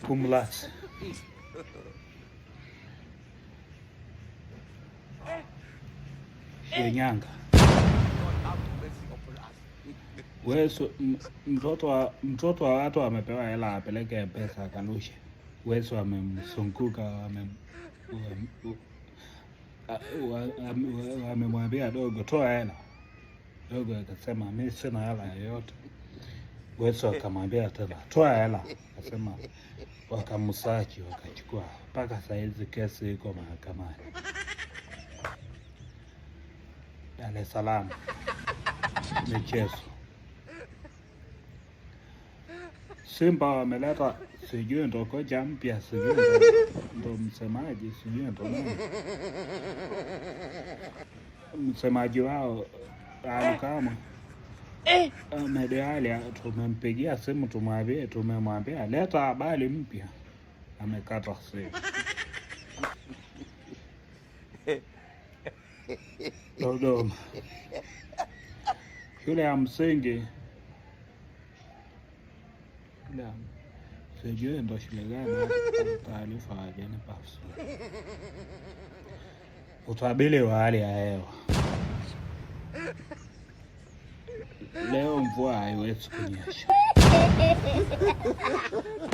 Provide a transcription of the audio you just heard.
kumlat. Shinyanga. Wewe mtoto wa mtoto wa watu amepewa hela apeleke pesa akanushe. Wewe amemsunguka amemwambia dogo toa hela. Dogo akasema mimi sina hela yoyote. Gwetso akamwambia tena toa hela, akasema, wakamsaki wakachukua. Mpaka saa hizi kesi iko mahakamani Dar es Salaam. Michezo Simba wameleta sijui ndo kocha mpya, sijui ndo msemaji, sijui ndo msemaji wao Alukama. Eh, ah, Medalya tumempigia simu tumwambie, tumemwambia leta habari mpya, amekata simu. Dodoma shule ya msingi, sijui ndo shule gani. Taarifa wageni pas, utabiri wa hali ya hewa Leo mvua haiwezi kunyesha.